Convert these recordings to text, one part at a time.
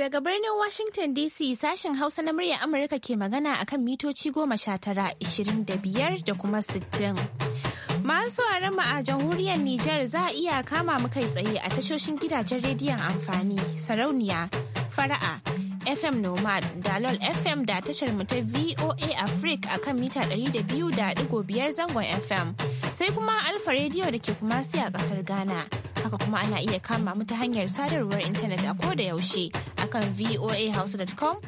Daga birnin Washington DC sashen Hausa na murya Amurka ke magana akan mitoci goma sha tara ishirin da biyar da kuma sittin. Masu mu a jamhuriyar Nijar za a iya kama mu tsaye a tashoshin gidajen rediyon amfani, sarauniya, fara'a, FM Nomad, Dalol FM da tashar mu ta VOA Africa a kan mita 200.5 zangon FM, sai kuma Alfa rediyo da ke kuma a kasar Ghana. Haka kuma ana iya kama mu ta hanyar sadarwar intanet a ko da yaushe akan voahausa.com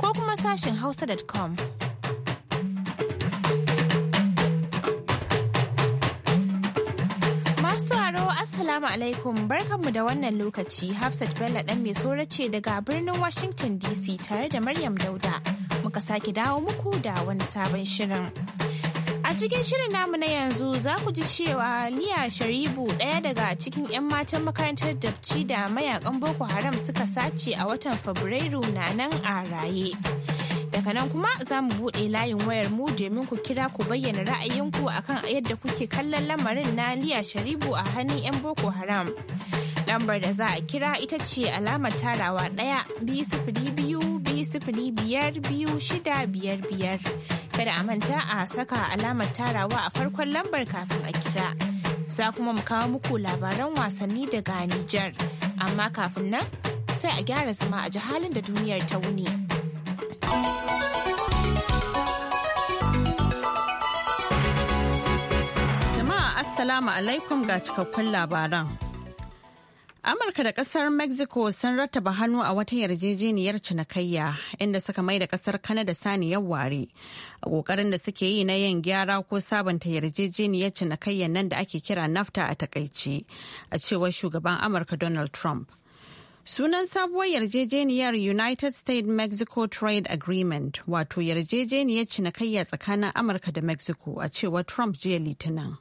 ko kuma sashin hausa.com. Masu aro Assalamu alaikum barkanmu da wannan lokaci Hafsat Bello ɗan mai tsoro ce daga birnin Washington DC tare da Maryam Dauda muka sake dawo muku da wani sabon shirin. A cikin shirin namu na yanzu za ku ji cewa Liya Sharibu ɗaya daga cikin 'yan matan makarantar dabci da mayakan Boko Haram suka sace a watan Fabrairu na nan a raye. Daga nan kuma za mu buɗe layin wayar mu domin ku kira ku bayyana ra'ayinku akan yadda kuke kallon lamarin na Liya Sharibu a hannun 'yan Boko Haram. Lambar da za a kira ita ce alamar tarawa ɗaya biyu sifiri biyu sifili sifili biyar biyu shida biyar Kada a manta a saka alamar tarawa a farkon lambar kafin a kira. Za kuma mu kawo muku labaran wasanni daga Nijar. Amma kafin nan sai a gyara zama a halin da duniyar ta wuni. Jama'a Assalamu alaikum ga cikakkun labaran. Amurka da kasar Mexico sun rattaba hannu a wata yarjejeniyar cinikayya inda suka mai da kasar Canada saniyar ware. A kokarin da suke yi na yin gyara ko sabanta yarjejeniyar cinikayyar nan da ake kira NAFTA a takaice, a cewar shugaban Amurka Donald Trump. Sunan sabuwar yarjejeniyar United States Mexico Trade Agreement wato yarjejeniyar cinikayya tsakanin Amurka da Mexico a cewar Trump jiya Litinin.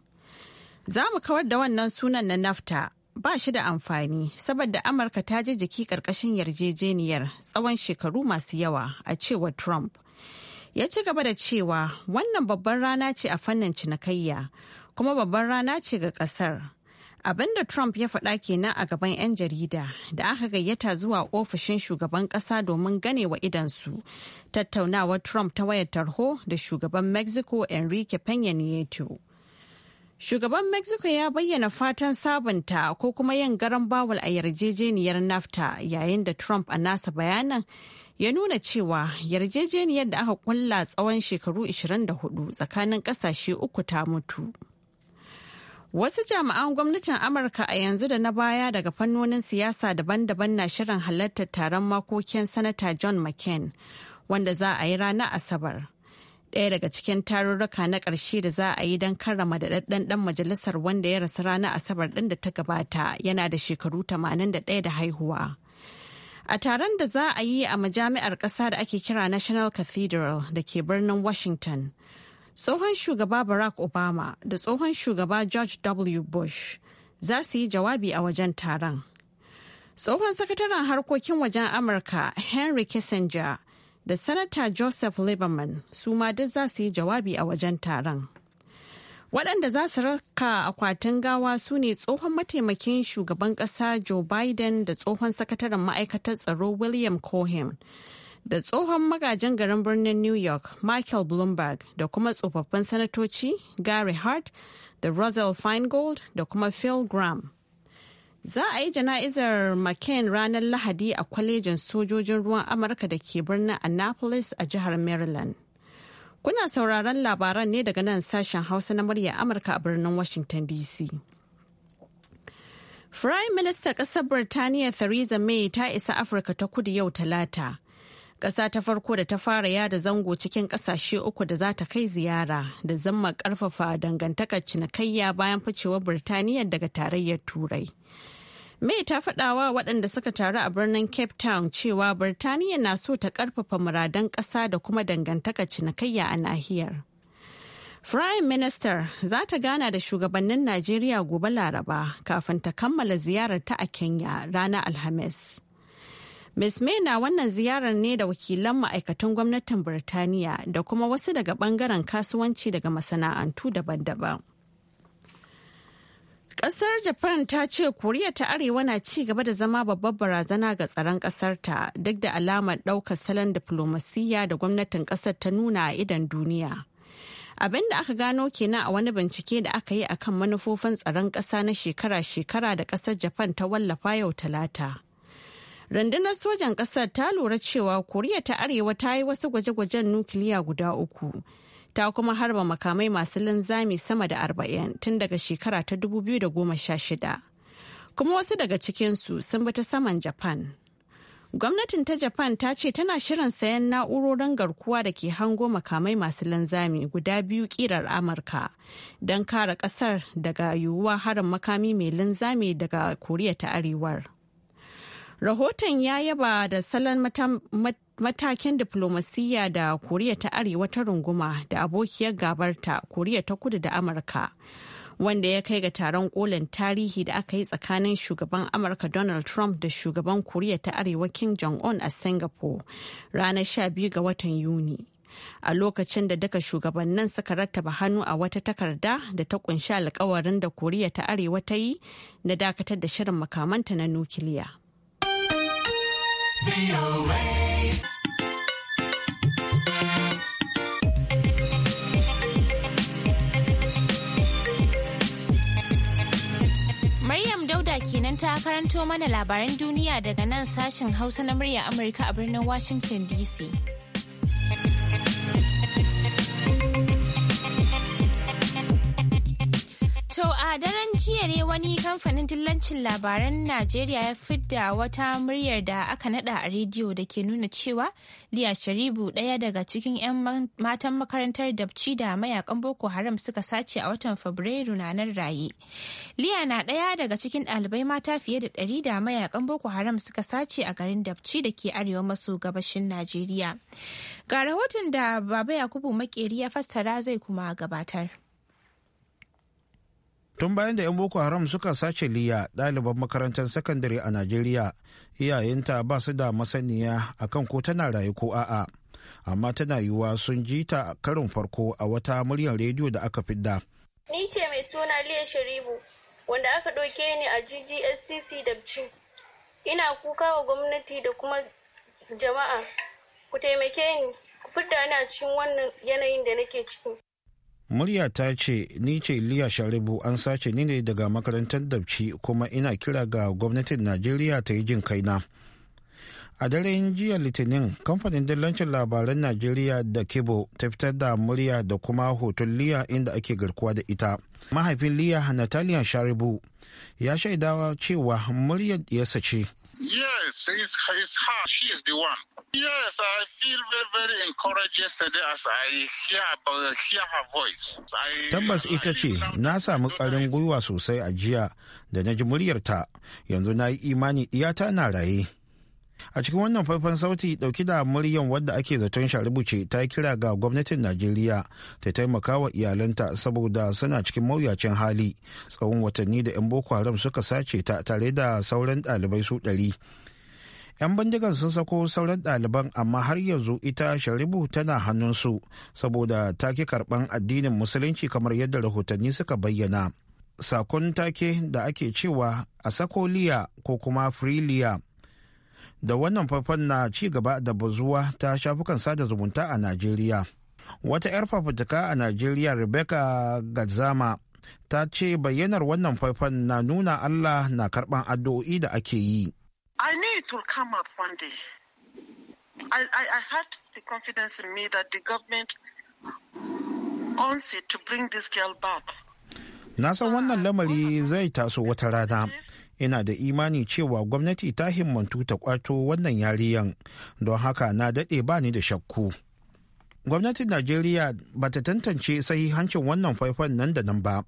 Za mu kawar da wannan sunan na NAFTA ba shi da amfani saboda amurka ta je jiki karkashin yarjejeniyar tsawon shekaru masu yawa a cewar trump ya ci gaba da cewa wannan babban rana ce a fannin cinikayya kuma babban rana ce ga kasar abinda trump ya faɗa kenan a gaban 'yan jarida da aka gayyata zuwa ofishin shugaban ƙasa domin gane wa idansu tattaunawar trump ta wayar tarho da shugaban mexico enrique peña nieto Shugaban Mexico ya bayyana fatan sabunta ko kuma yin garan bawul a yarjejeniyar NAFTA yayin da Trump a nasa bayanan ya nuna cewa yarjejeniyar da aka kulla tsawon shekaru 24 tsakanin kasashe uku ta mutu. Wasu jami'an gwamnatin Amurka a yanzu da na baya daga fannonin siyasa daban-daban na shirin halartar taron makokin Sanata John McCain wanda za a yi ranar Asabar. ɗaya daga cikin tarurruka na ƙarshe da za a yi don karrama da ɗan majalisar wanda ya rasu ranar asabar ɗin da ta gabata yana da shekaru 81 da haihuwa. A taron da za a yi a majami'ar ƙasa da ake kira National Cathedral da ke birnin Washington, tsohon shugaba Barack Obama da tsohon shugaba George W. Bush za su yi jawabi a wajen taron. Tsohon sakataren harkokin wajen Amurka Henry Kissinger da sanata joseph lieberman su ma duk za su yi jawabi a wajen taron waɗanda za su raka akwatin gawa su ne tsohon mataimakin shugaban ƙasa joe biden da tsohon sakataren ma'aikatar tsaro william cohen da tsohon magajin garin birnin new york michael bloomberg da kuma tsofaffin sanatoci gary hart da russell feingold da kuma phil graham Za a yi jana'izar McCain ranar Lahadi a kwalejin sojojin ruwan Amurka da ke birnin Annapolis a jihar Maryland. Kuna sauraron labaran ne daga nan sashen Hausa na murya Amurka a birnin Washington DC. Firayim Minista ƙasar Birtaniya Theresa May ta isa Afirka ta kudu yau talata. Ƙasa ta farko da ta fara yada zango cikin ƙasashe uku da za ta kai ziyara da zama ƙarfafa dangantakar cinikayya bayan ficewar Birtaniya daga tarayyar Turai. May ta faɗawa waɗanda suka taru a birnin Cape Town cewa Birtaniya na so ta ƙarfafa muradan ƙasa da kuma dangantaka cinikayya a nahiyar. Prime Minister za ta gana da shugabannin Najeriya gobe Laraba kafin ta kammala ziyarar ta a Kenya ranar Alhamis. Ms. May na wannan ziyarar ne da wakilan ma'aikatan gwamnatin Birtaniya da kuma wasu daga bangaren kasuwanci daga masana'antu daban-daban. Ƙasar Japan ta ce Koriya ta Arewa na ci gaba da zama babbar barazana ga tsaron kasarta duk da alamar ɗaukar salon diflomasiyya da gwamnatin ƙasar ta nuna a idan duniya. Abin da aka gano kenan a wani bincike da aka yi akan manufofin tsaron ƙasa na shekara-shekara da ƙasar Japan ta wallafa yau talata. Rundunar sojan ƙasar ta lura cewa Koriya ta Arewa ta yi wasu gwaje-gwajen nukiliya guda uku. ta kuma harba makamai masu linzami sama da arba'in tun daga shekara ta 2016 kuma wasu daga cikinsu sun bi ta saman japan gwamnatin ta japan ta ce tana shirin sayan na'urorin garkuwa da ke hango makamai masu linzami guda biyu kirar amurka don kare kasar daga yiwuwa harin makami mai linzami daga koriya ta arewar rahoton ya yaba da salon matakin diflomasiyya da koriya ta arewa ta runguma da abokiyar gabarta koriya ta kudu da amurka wanda ya kai ga taron kolin tarihi da aka yi tsakanin shugaban amurka donald trump da shugaban koriya ta arewa kim jong-un a singapore ranar 12 ga watan yuni a lokacin da daga shugabannin suka rattaba hannu a wata takarda da ta kunshi alkawarin da koriya ta arewa ta yi na dakatar da shirin makamanta na nukiliya. kenan ta karanto mana labaran duniya daga nan sashen Hausa na murya Amurka a birnin Washington DC. A daren jiya ne wani kamfanin dillancin labaran Najeriya ya fidda wata muryar da aka nada a rediyo da ke nuna cewa Liya Sharibu ɗaya daga cikin 'yan matan makarantar dabci da mayakan Boko Haram suka sace a watan Fabrairu na nan raye. Liya na ɗaya daga cikin ɗalibai mata fiye da ɗari da mayakan Boko Haram suka sace a garin dabci da ke arewa maso gabashin Najeriya. Ga rahoton da Baba Yakubu Makeri ya fassara zai kuma gabatar. tun bayan da 'yan boko haram suka sace liya ɗaliban makarantar sakandare a najeriya iyayenta ba su da masaniya a kan ko tana raye ko a'a amma tana yiwuwa sun ji ta karin farko a wata muryar rediyo da aka fidda ni ce mai suna liya sharibu wanda aka ɗauke ni a ggstc da ina kuka wa gwamnati da kuma jama'a ku taimake ni ku fidda ni a cikin wannan yanayin da nake ciki murya ta ce ni ce liya sharibu an sace ni ne daga makarantar dabci kuma ina kira ga gwamnatin najeriya ta yi jin kaina a daren jiya litinin kamfanin dillancin labaran najeriya da kibo ta fitar da murya da kuma hoton liya inda ake garkuwa da ita mahaifin liya natalia sharibu ya shaidawa cewa muryar diyarsa ce Yes, it's, it's her. She is the one. Yes, I feel very, very encouraged yesterday as I hear, uh, hear her voice. Tabbas ita ce, na samu ƙarin gwiwa sosai a jiya da na ji muryarta, yanzu na yi imani iyata na raye. a cikin wannan faifan sauti dauki da muryan wadda ake zaton sharibuce ta kira ga gwamnatin najeriya ta taimaka wa iyalanta saboda suna cikin mawuyacin hali tsawon watanni da 'yan boko haram suka sace ta tare da sauran dalibai su ɗari 'yan bindigan sun sako sauran ɗaliban amma har yanzu ita sharibu tana hannunsu saboda ta ki karɓan addinin musulunci kamar yadda rahotanni suka bayyana sakon take da ake cewa a sakoliya ko kuma friliya da wannan faifan na ci gaba da bazuwa ta shafukan sada zumunta a najeriya wata 'yar fafutuka a najeriya rebecca gadzama ta ce bayyanar wannan faifan na nuna allah na karban addu'o'i da ake yi I knew it will come up one day. I, I, I had the confidence in me that the government wants it to bring this girl back. Na san wannan lamari zai taso wata rana, yana da imani cewa gwamnati ta himmantu ta kwato wannan yariyan don haka na daɗe ba ni da shakku gwamnatin najeriya ba ta tantance hancin wannan faifan nan da nan ba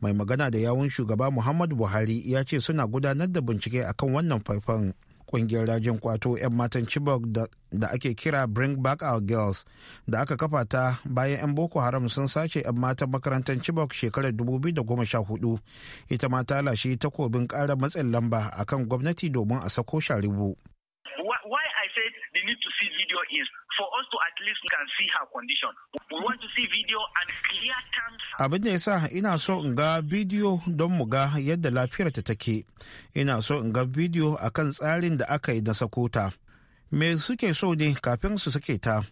mai magana da yawun shugaba muhammadu buhari ya ce suna gudanar da bincike akan wannan faifan kungiyar rajin kwato 'yan matan chibok da ake kira bring back our girls da aka kafa ta bayan 'yan boko haram sun sace 'yan matan makarantar chibok shekarar 2014 ita ma ta lashe takobin ƙara matsin lamba akan gwamnati domin a sako sharibu video is for us to at least can see her condition. We want to see video and clear terms. Abin da yasa ina so in ga bidiyo don mu ga yadda lafiyarta take. Ina so in ga bidiyo akan tsarin da aka yi na sakota. Me suke so ne kafin su sake ta?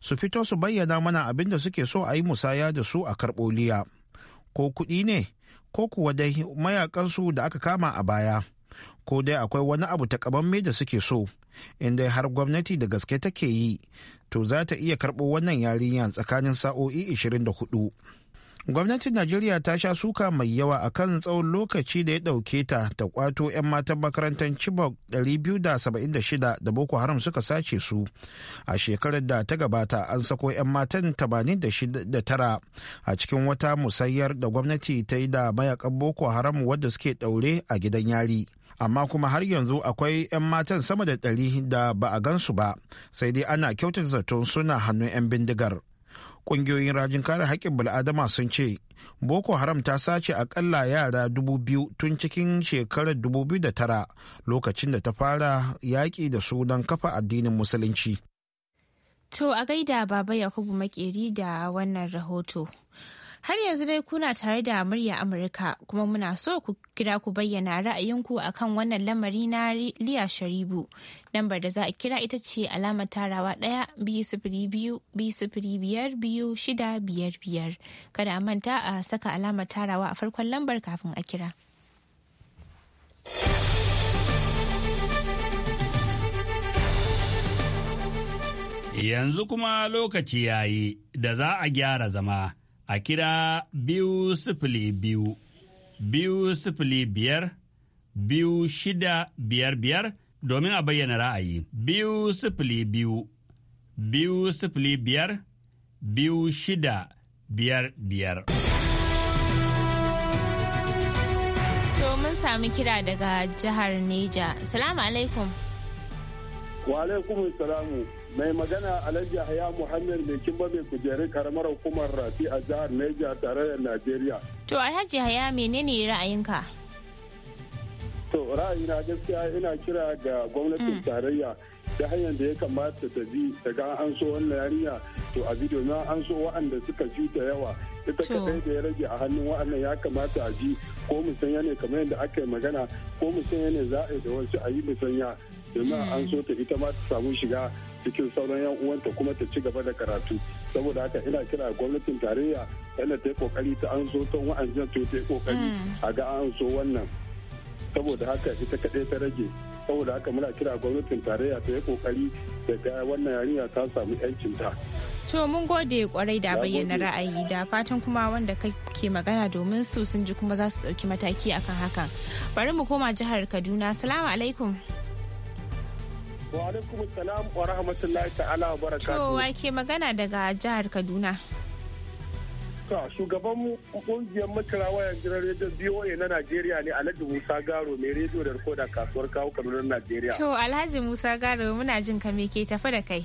Su fito su bayyana mana abin da suke so a yi musaya da su a karɓoliya. Ko kuɗi ne? Ko kuwa dai mayakansu da aka kama a baya. ko dai akwai wani abu ta takamamme da suke so in dai har gwamnati da gaske take yi to za ta iya karɓo wannan yarinya tsakanin sa'o'i 24 gwamnatin najeriya ta sha suka mai yawa a kan tsawon lokaci da ya ɗauke ta ta kwato 'yan matan makarantar chibok 276 da boko haram suka sace su a shekarar da ta gabata an sako 'yan matan 89 a cikin wata musayyar da gwamnati ta yi da mayakan boko haram wadda suke ɗaure a gidan yari amma kuma har yanzu akwai 'yan matan sama da ɗari da ba a gansu ba sai dai ana kyautar zaton suna hannun 'yan bindigar ƙungiyoyin rajin kare haƙƙin bil'adama sun ce boko haram ta sace akalla yara dubu biyu tun cikin shekarar dubu da tara lokacin da ta fara yaƙi da su don kafa addinin musulunci to a gaida baba yakubu makeri da wannan rahoto Har yanzu dai kuna tare da murya Amurka kuma muna so ku kira ku bayyana ra'ayinku a kan wannan lamari na Liya Sharibu. Lambar da za a kira ita ce alamar tarawa ɗaya biyu sifiri biyu biyu sifiri biyar biyu shida biyar biyar. Kada a manta a saka alamar tarawa a farkon lambar kafin a kira. Yanzu kuma lokaci yayi da za a gyara zama. a kira biyu sifili biyu biyu sifili biyar biyu shida biyar biyar domin a bayyana ra'ayi biyu sifili biyu biyu sifili biyar biyu shida biyar biyar. domin sami kira daga jihar Neja. Salamu alaikum. Wa alaikum salamu. mai magana alhaji haya muhammad mai kimba mai kujerun karamar hukumar rafi a jihar niger tare da najeriya to alhaji haya menene ra'ayinka to ra'ayina gaskiya ina kira ga gwamnatin mm. tarayya ta hanyar da ya kamata ta bi daga an so wannan yarinya to a bi na an so wa'anda suka ji ta yawa ita kadai da ya rage a hannun wa'annan ya kamata a ji ko musanya ne kamar yadda aka yi magana ko musanya ne za a yi da wasu a yi musanya domin an mm. so ta ita ma ta samu shiga cikin sauran yan uwanta kuma ta ci gaba da karatu saboda haka ina kira gwamnatin tarayya yana ta yi kokari ta an zo ta wa'anjan to ta yi kokari mm. a ga an zo wannan saboda haka ita kaɗai ta rage saboda haka muna kira gwamnatin tarayya ta yi kokari da ga wannan yarinya ta samu yancin ta. To mun gode kwarai da bayyana ra'ayi da fatan kuma wanda kake magana domin su sun ji kuma za su ɗauki mataki akan hakan. Bari mu koma jihar Kaduna. Salamu alaikum. Wa alaikum salam wa rahmatullahi ta'ala wa barakatuhu. To ke magana daga jihar Kaduna. To shugaban kungiyar makarawa yanzu na Najeriya ne Alhaji Musa Garo mai rediyo da rikoda kasuwar kawo Kaduna Najeriya. To Alhaji Musa Garo muna jin ka me ke tafi da kai.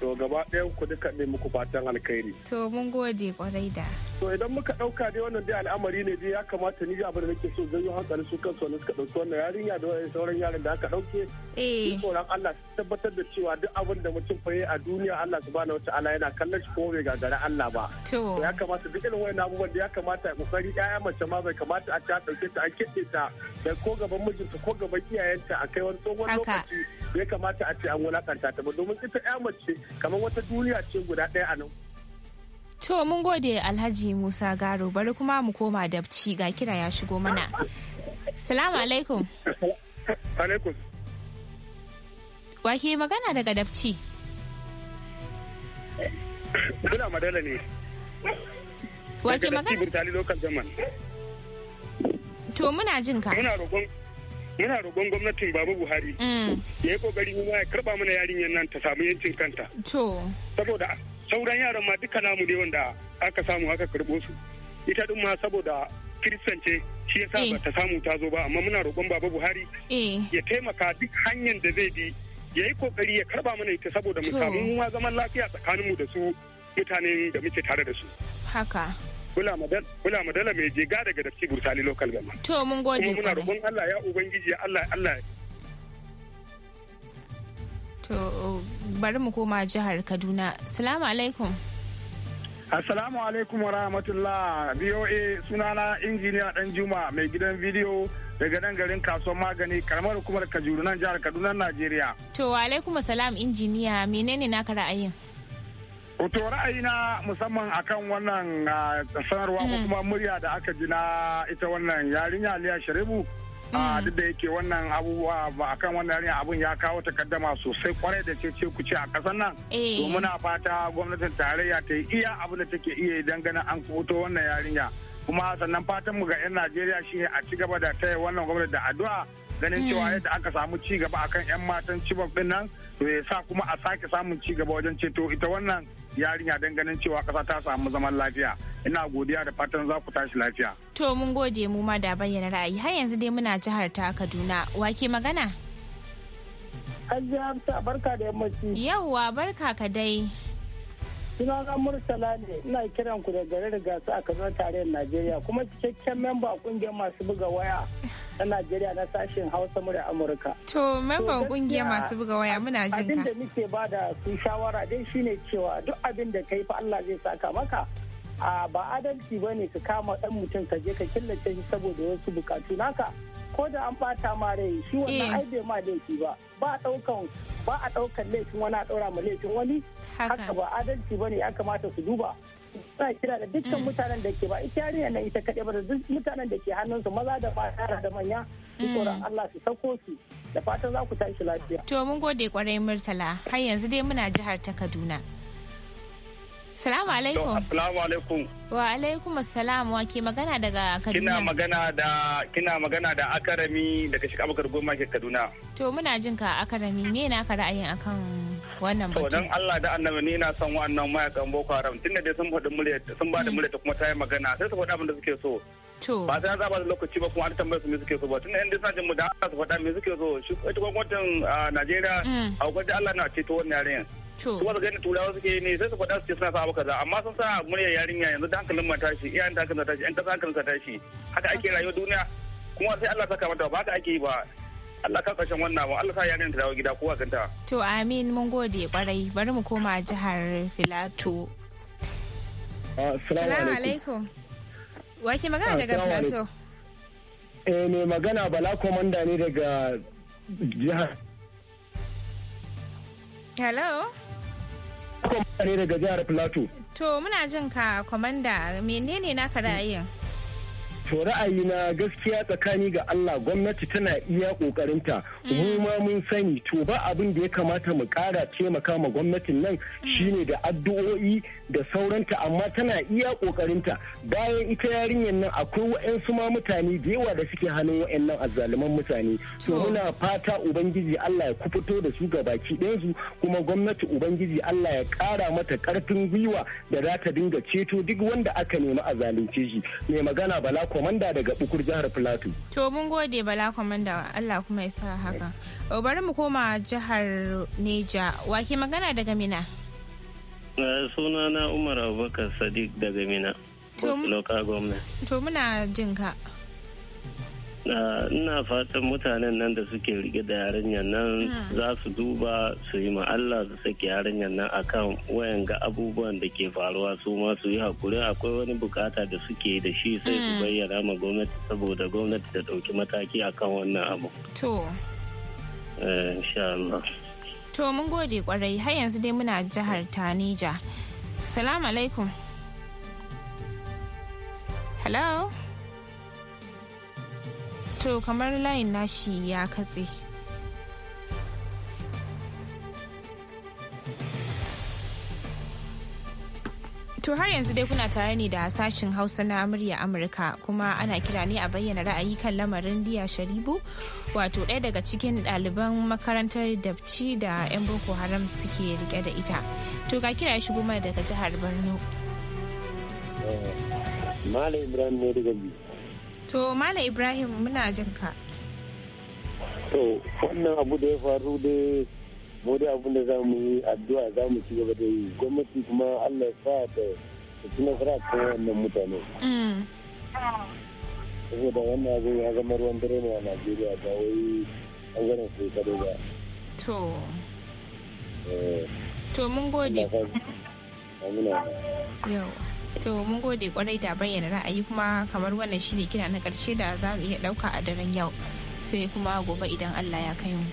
To gaba ɗayan ku duka ne muku fatan alkhairi. To mun gode kwarai da. to idan muka dauka dai wannan dai al'amari ne dai ya kamata ni abin da nake so zai yi hankali su kansu wani suka dauki wannan yarinya da sauran yaran da aka dauke eh tsoron Allah tabbatar da cewa duk abin da mutum fa a duniya Allah subhanahu ala yana kallon shi kuma bai gagara Allah ba to ya kamata duk irin wannan abubuwan da ya kamata ya kokari ƴaƴa mace ma bai kamata a ta dauke ta a kidde ta da ko gaban mijinta ko gaban iyayenta a kai wani tsohon lokaci ya kamata a ce an wulakanta ta ba domin ita ƴa mace kamar wata duniya ce guda ɗaya a nan To mun gode Alhaji Musa Garo bari kuma mu koma dabci ga kira ya shigo mana. Salamu alaikum. Alaikum. Wake magana daga dabci. Suna madala ne. Wake magana? Burtali local zaman. To muna jin ka. Muna roƙon muna roƙon gwamnatin babu Buhari. Mm. Ya yi ƙoƙari ya karɓa mana yarinyar nan ta samu yancin kanta. To. Saboda sauran yaran ma duka namu ne wanda aka samu aka karɓo su ita din ma saboda kiristance shi yasa eh. ba ta samu ta zo ba amma muna roƙon baba buhari eh. ya taimaka duk hanyar da zai bi ya yi kokari ya karba mana ita saboda mu samu ma zaman lafiya tsakaninmu da su mutanen da muke tare da su haka kula madala mai jega daga dafci burtali local gama to mun gode kuma muna roƙon Allah ya ubangiji ya Allah Allah To bari mu koma jihar Kaduna. Salamu alaikum. Assalamu alaikum wa rahmatullah. BOA sunana injiniya dan Juma mai gidan bidiyo daga nan garin kasuwar magani karamar hukumar Kajuru nan jihar Kaduna Najeriya. To wa alaikum salam injiniya menene naka ra'ayin? to na musamman akan wannan ah, sanarwa ko mm. kuma murya da aka ji na ita wannan yarinya Aliya Sharibu a hmm. duk da yake wannan abubuwa ba akan wannan yarinya abun ya kawo takaddama sosai kwarai da ce ce kuce a kasan nan eh. to muna fata gwamnatin tarayya ta yi iya abin da take iya idan ganin an kuto wannan yarinya kuma sannan fatan mu ga yan Najeriya shine a ci gaba da taya wannan gwamnati da addu'a ganin hmm. cewa yadda aka samu ci gaba akan yan matan cibok din nan to ya sa kuma a sake samun ci gaba wajen ceto ita wannan yarinya don ganin cewa kasa ta samu zaman lafiya ina godiya da fatan za ku tashi lafiya. To mun gode mu ma da bayyana ra'ayi har yanzu dai muna jihar ta Kaduna wake magana. Hajji Hamsa barka da yammaci. Yawwa barka ka dai. Suna na Murtala ne ina kiran ku da garin su a Kaduna tarayyar Najeriya kuma cikakken memba a kungiyar masu buga waya na Najeriya na sashen Hausa mura Amurka. To memba kungiyar masu buga waya muna jin ka. Abin da muke ba da su shawara dai shine cewa duk abin da kai fa Allah zai saka maka. a ba adalci ba ne ka kama ɗan mutum ka je ka killace shi saboda wasu bukatu naka ko da an bata ma rai shi wannan eh. ai bai ma laifi ba ba a ɗaukan ba a ɗaukan laifin wani a ɗaura ma laifin wani haka ba adalci ba ne ya kamata su duba suna kira da dukkan mm. mutanen da ke ba ita yarinya na ita kaɗai ba da duk mutanen da ke hannunsu maza da mata da manya mm. tsoron Allah su sako su da fatan za ku tashi lafiya. To mun gode kwarai Murtala har yanzu dai muna jihar ta Kaduna. Salamu alaikum. Assalamu alaikum. Wa alaikum assalam wa ke magana daga Kaduna. Kina magana da kina magana da Akarami daga shi Abubakar Goma ke Kaduna. To muna jin ka Akarami me na ka ra'ayin akan wannan batu? To dan Allah da Annabi ni na son wannan mayakan Boko Haram tunda dai sun faɗi murya sun ba da mm. murya ta kuma ta yi magana sai su faɗi abin da suke so. To. Ba sai za ba da lokaci ba kuma an tambaye su me suke so ba tunda yan dai mu da Allah su faɗa me suke so shi ita gwamnatin ah, Najeriya mm. a gwamnatin Allah na ceto wannan yaren. kuma da gani turawa suke ne sai su faɗa su ce suna sa abu kaza amma sun sa muryar yarinya yanzu da hankalin mata shi iyayen ta hankalin tashi yan kasa hankalin tashi haka ake rayuwa duniya kuma sai Allah saka mata ba haka ake yi ba Allah ka kashe wannan ba Allah sa yarinya ta dawo gida kowa kanta to amin mun gode kwarai bari mu koma jihar Filato Assalamu alaikum ke magana ah, daga Filato eh mai magana Bala komanda ne daga jihar Hello Kuma ne daga jihar Plateau. To muna jin ka, Kwamanda, menene naka ra'ayin? To ra'ayi na gaskiya tsakani ga Allah gwamnati tana iya kokarinta mm. mu ma mun sani to ba abin da ya kamata mu kara taimaka ma gwamnatin nan mm. shine da addu'o'i da sauranta amma tana iya kokarinta bayan ita yarinyar nan akwai wa'ansu ma mutane da yawa da suke hannun wa'yannan azzaluman mutane to muna fata ubangiji Allah ya kufuto da su baki ɗayansu kuma gwamnati ubangiji Allah ya kara mata ƙarfin gwiwa da za ta dinga ceto duk wanda aka nemi a zalunce shi mai magana bala kwamanda daga bukur jihar Filato. To mun gode bala kwamanda Allah kuma ya sa haka. Oh, bari mu koma jihar Neja. Wake magana daga Mina? Eh, sunana Umar Abubakar Sadiq daga Mina. To muna jinka Ah, ina fatan mutanen nan da suke rike da yarinyar nan ah. za su duba su yi Allah su sake yarinyar nan akan wayan ga abubuwan da ke faruwa su ma su yi hakuri akwai wani bukata da suke da shi sai su ah. bayyana ma gwamnati saboda gwamnati ta dauki mataki akan wannan abu to eh, Allah to mun gode kwarai har yanzu dai muna jihar Tanija salamu alaikum hello to kamar layin nashi ya katse To har yanzu dai kuna tare ne da sashin Hausa na murya Amurka kuma ana kira ne a bayyana ra'ayi kan lamarin Diya Sharibu wato ɗaya daga cikin ɗaliban makarantar Dabci da 'yan Boko Haram suke rike da ita. To ga kira shigo mana daga jihar Borno. Malam Ibrahim ne daga biyu. To Mala Ibrahim muna jin ka. To wannan abu da ya faru dai mu dai da za mu yi addu'a za mu ci gaba da yi gwamnati kuma Allah ya sa ta ci nasara kan wannan mutane. Mm. Saboda wannan abu ya zama ruwan dare ne a Najeriya ba wai ɓangaren sai kadai ba. To. Eh. To mun gode. Amina. Yau. to mun gode kwarai da bayyana ra'ayi kuma kamar wannan shine kira na karshe da za mu iya dauka a daren yau sai kuma gobe idan allah ya kai mu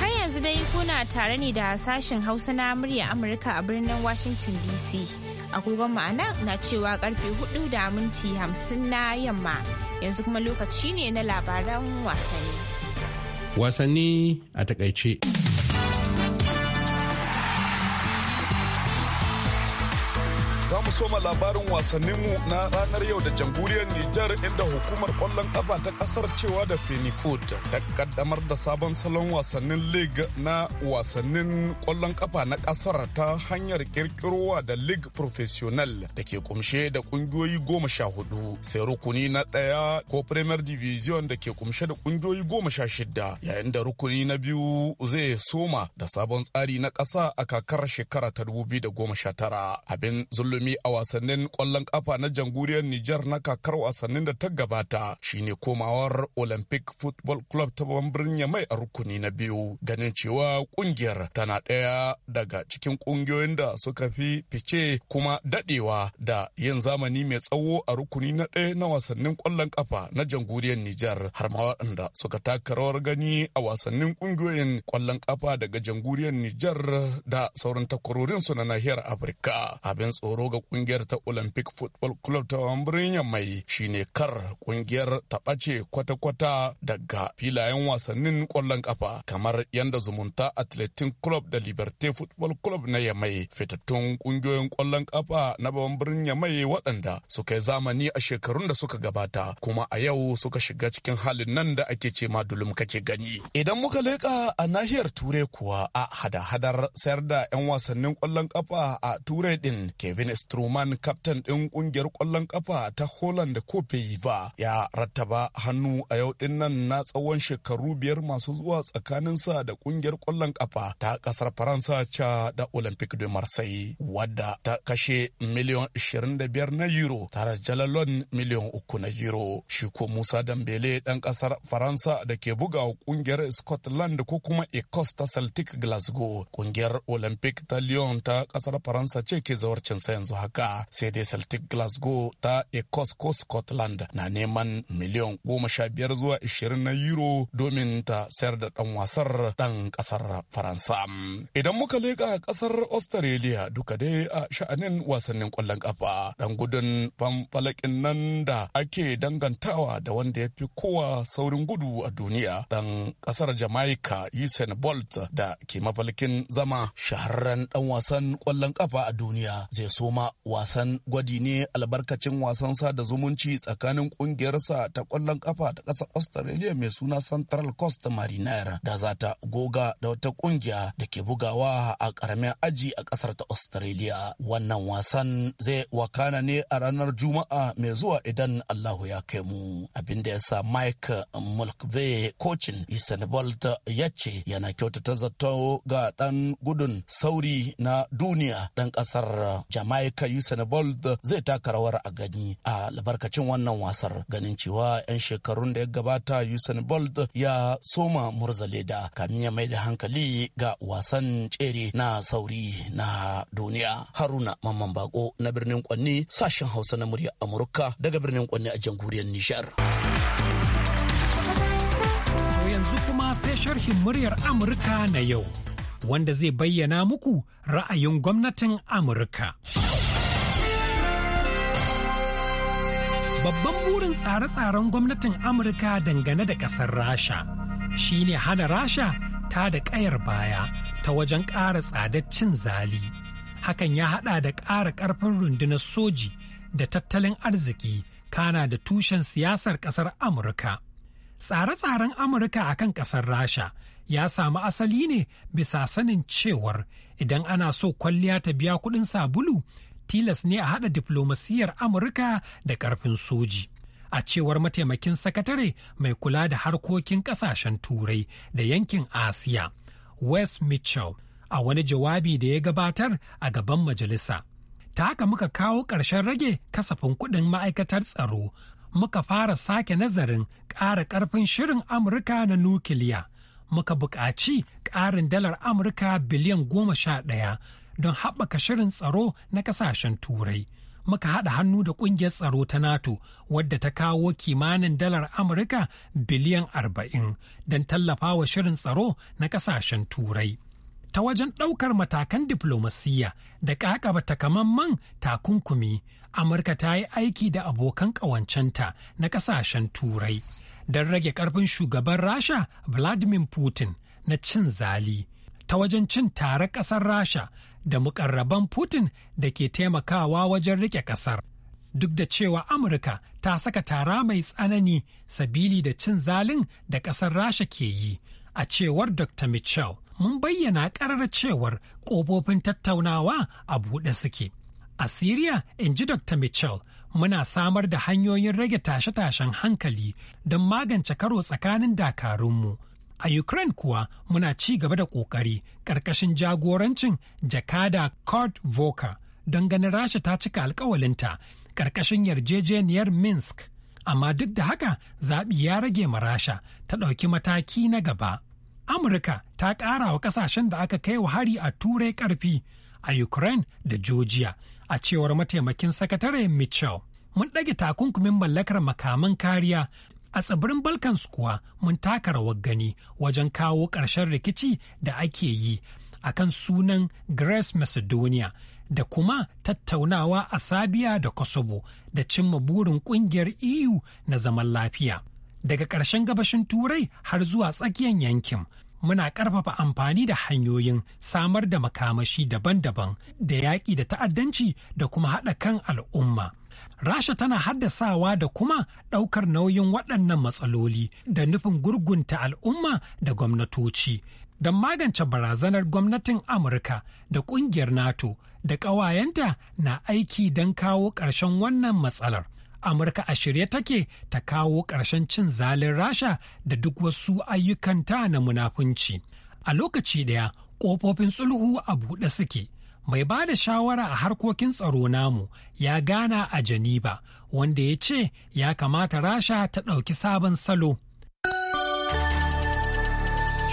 har yanzu dai kuna tare ne da sashen hausa na murya amurka a birnin washington dc a agogon ma'ana na cewa karfe 4 da minti 50 na yamma yanzu kuma lokaci ne na labaran wasanni wasanni a takaice. soma labarin wasanninmu na ranar yau da jamhuriyar Nijar inda hukumar kwallon kafa ta kasar cewa da Fenifood ta kaddamar da sabon salon wasannin League na wasannin kwallon kafa na kasar ta hanyar kirkirowa da League Professional da ke kumshe da kungiyoyi goma sha hudu sai rukuni na ɗaya ko Premier Division da ke kumshe da kungiyoyi goma sha shida yayin da rukuni na biyu zai soma da sabon tsari na kasa a kakar shekara ta dubu biyu da goma sha tara abin zulumi a wasannin kwallon kafa na janguriyar Nijar na kakar wasannin da ta gabata shine komawar Olympic Football Club ta babban birnin mai a rukuni na biyu ganin cewa kungiyar tana ɗaya daga cikin kungiyoyin da suka fi fice kuma dadewa da yin zamani mai tsawo a rukuni na ɗaya na wasannin kwallon kafa na janguriyar Nijar har ma waɗanda suka taka rawar gani a wasannin kungiyoyin kwallon kafa daga janguriyar Nijar da sauran takwarorin su na nahiyar Afirka abin tsoro ga kungiyar ta olympic football club ta ya mai shine kar kungiyar ta ɓace kwata-kwata daga filayen wasannin kwallon kafa kamar yadda zumunta athletic club da liberté football club na yamai fitattun kungiyoyin kwallon kafa na wamburin ya yamai waɗanda suka yi zamani a shekarun da suka gabata kuma a yau suka shiga cikin halin nan da ake ce ma dulum kake gani idan muka leƙa a nahiyar turai kuwa a hada-hadar sayar da 'yan wasannin kwallon kafa a turai din kevin Stru roman kaftan ɗin ƙungiyar ƙwallon ƙafa ta holland kofe ba ya rattaba hannu a yau ɗin nan na tsawon shekaru biyar masu zuwa tsakaninsa da ƙungiyar ƙwallon ƙafa ta ƙasar faransa ca da Olympique de marseille wadda ta kashe miliyan 25 na euro tare jalalon miliyon uku na euro shi ko musa dambele ɗan ƙasar faransa da ke buga ƙungiyar scotland ko kuma ecos ta celtic glasgow ƙungiyar Olympique ta lyon ta ƙasar faransa ce ke zawarcin sa yanzu haka sai dai celtic glasgow ta ecosco scotland na neman miliyan goma sha biyar zuwa ishirin na euro domin ta sayar da dan wasar dan kasar faransa idan muka leƙa kasar australia duka dai a sha'anin wasannin kwallon kafa dan gudun fanfalakin nan da ake dangantawa da wanda ya fi kowa saurin gudu a duniya dan kasar jamaica usain bolt da ke mafalkin zama shahararren dan wasan kwallon kafa a duniya zai soma wasan gwadi ne albarkacin wasan sada zumunci tsakanin kungiyarsa ta kwallon kafa ta ƙasar australia mai suna central coast mariner da za ta goga da wata kungiya da ke bugawa a ƙaramin aji a ƙasar ta australia wannan wasan zai wakana ne a ranar juma'a mai zuwa idan allahu ya kai mu abinda ya sa mike mulkvey kocin usain bolt ya ce yana kyautata zato ga ɗan gudun sauri na duniya ɗan ƙasar jamaica aka yi Senebold zai taka rawar a gani a albarkacin wannan wasar ganin cewa 'yan shekarun da ya gabata Usain Bolt ya soma murzale da kamin ya mai da hankali ga wasan tsere na sauri na duniya. Haruna Mamman Bako na birnin Kwanni sashen Hausa na murya Amurka daga birnin Kwanni a jamhuriyar Nijar. yanzu kuma sai sharhin muryar Amurka na yau, wanda zai bayyana muku ra'ayin gwamnatin Amurka. Babban burin tsare-tsaren gwamnatin Amurka dangane da ƙasar Rasha shi ne hana Rasha ta da ƙayar baya ta wajen ƙara tsadar cin zali. Hakan ya haɗa da ƙara ƙarfin rundunar soji da tattalin arziki kana da tushen siyasar ƙasar Amurka. Tsare-tsaren Amurka a kan ƙasar Rasha ya samu asali ne bisa sanin cewar idan ana so kwalliya ta biya kuɗin sabulu tilas ne a haɗa diflomasiyyar Amurka da ƙarfin soji. A cewar mataimakin sakatare mai kula da harkokin ƙasashen Turai da yankin Asiya, west Mitchell, a wani jawabi da ya gabatar a gaban majalisa. Ta haka muka kawo ƙarshen rage kasafin kuɗin ma'aikatar tsaro, muka fara sake nazarin ƙara ƙarfin shirin Amurka na nukiliya. muka buƙaci ƙarin dalar amurka biliyan goma sha ɗaya don haɓaka shirin tsaro na ƙasashen turai muka haɗa hannu da ƙungiyar tsaro ta NATO wadda ta kawo kimanin dalar Amurka biliyan arba'in don tallafawa shirin tsaro na ƙasashen turai. Ta wajen ɗaukar matakan diflomasiyya da ƙaƙaba takamaiman takunkumi, Amurka ta yi aiki da abokan ƙawancenta na ƙasashen turai don rage ƙarfin shugaban Rasha Vladimir Putin na cin zali. Ta wajen cin tare ƙasar Rasha da mukarraban Putin da ke taimakawa wajen rike kasar. Duk da cewa Amurka ta saka tara mai tsanani sabili da cin zalin da kasar Rasha ke yi, a cewar Dr. Mitchell, mun bayyana ƙarar cewar ƙofofin tattaunawa a buɗe suke. A Siriya, in ji Dr. Mitchell, muna samar da hanyoyin rage tashe-tashen hankali don magance karo tsakanin dakarunmu. A Ukraine kuwa muna ci gaba da ƙoƙari ƙarƙashin jagorancin jakada Kurt Volker don ganin Rasha ta cika alkawalinta ƙarƙashin yarjejeniyar Minsk. Amma duk da haka zaɓi ya rage ma Rasha ta ɗauki mataki na gaba. Amurka ta ƙara wa ƙasashen da aka kai wa hari a Turai ƙarfi a Ukraine da Georgia a cewar mataimakin sakatare Mitchell. Mun ɗage takunkumin mallakar makaman kariya A tsibirin Balkans kuwa mun taka rawar gani wajen kawo ƙarshen rikici da ake yi a kan sunan Grace Macedonia da kuma tattaunawa a Sabiya da Kosovo da cimma burin ƙungiyar EU na zaman lafiya. Daga ƙarshen gabashin Turai har zuwa tsakiyar yankin. muna ƙarfafa amfani da hanyoyin samar da makamashi daban-daban da yaƙi da ta'addanci da kuma haɗa kan al'umma. Rasha tana haddasawa da kuma ɗaukar nauyin waɗannan matsaloli da nufin gurgunta al'umma da gwamnatoci don magance barazanar gwamnatin Amurka da ƙungiyar NATO da ƙawayenta na aiki don kawo ƙarshen wannan matsalar. Amurka a shirye take ta kawo ƙarshen cin zalin Rasha da duk wasu ayyukanta na munafunci. A lokaci ɗaya, ƙofofin sulhu a buɗe suke. mai ba da shawara a harkokin tsaro namu ya gana a janiba wanda ya ce ya kamata rasha ta ɗauki sabon salo.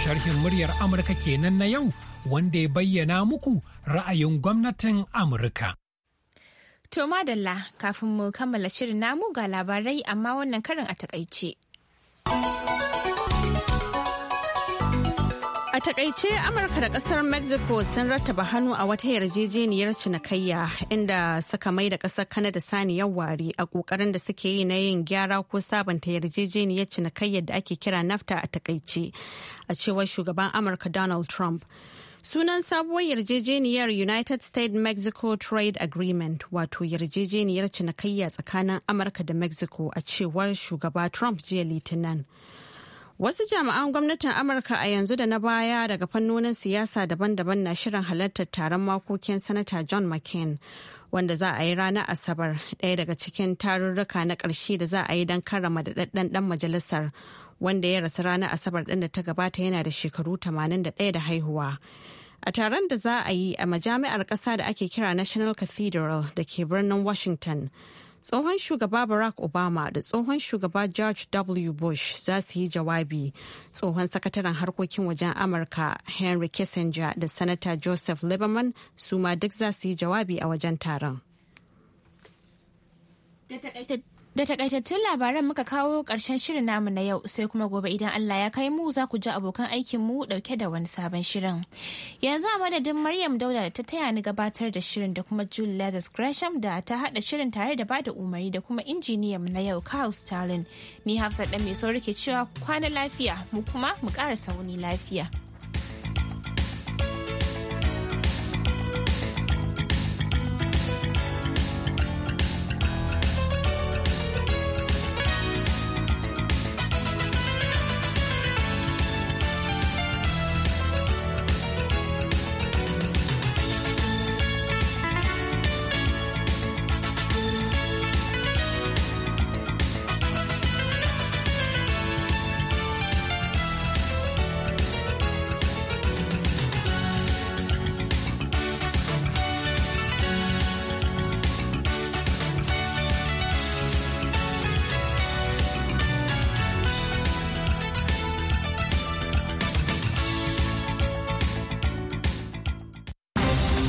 Sharhin muryar Amurka kenan na yau wanda ya bayyana muku ra'ayin gwamnatin Amurka. To madalla kafin mu kammala shirin namu ga labarai amma wannan karin a takaice. A takaice Amurka da kasar Mexico sun rattaba hannu a wata yarjejeniyar cinikayya inda suka mai da kasar kanada saniyar wari a kokarin da suke yi na yin gyara ko sabanta yarjejeniyar cinikayyar da ake kira NAFTA a takaice a cewar shugaban Amurka Donald Trump. Sunan sabuwar yarjejeniyar United States Mexico Trade Agreement wato yarjejeniyar cinikayya tsakanin Amurka da Mexico a cewar shugaba Trump jiya Litinin. Wasu jami'an gwamnatin Amurka a yanzu da na baya daga fannonin siyasa daban-daban na shirin halartar taron makokin Sanata John McCain wanda za a yi ranar Asabar ɗaya daga cikin tarurruka na ƙarshe da za a yi don karrama da ɗan majalisar wanda ya rasu ranar Asabar ɗin da ta gabata yana da shekaru 81 da haihuwa. A taron da za a yi a majami'ar ƙasa da ake kira National Cathedral da ke birnin Washington. tsohon shugaba barack obama da tsohon shugaba george w bush za su yi jawabi tsohon sakataren harkokin wajen amurka henry kissinger da sanata joseph lieberman su ma duk za su yi jawabi a wajen taron Da takaitattun labaran muka kawo ƙarshen shirin namu na yau sai kuma gobe idan Allah ya kai mu za ku ji abokan aikin mu dauke da wani sabon shirin. Yanzu a madadin Maryam Dauda da ta taya ni gabatar da shirin da kuma Julie Leathers Gresham da ta haɗa shirin tare da bada umarni da kuma injiniyan na yau Carl Stalin. Ni Hafsat ɗan mai saurin ke cewa kwana lafiya mu kuma mu ƙara sauni lafiya.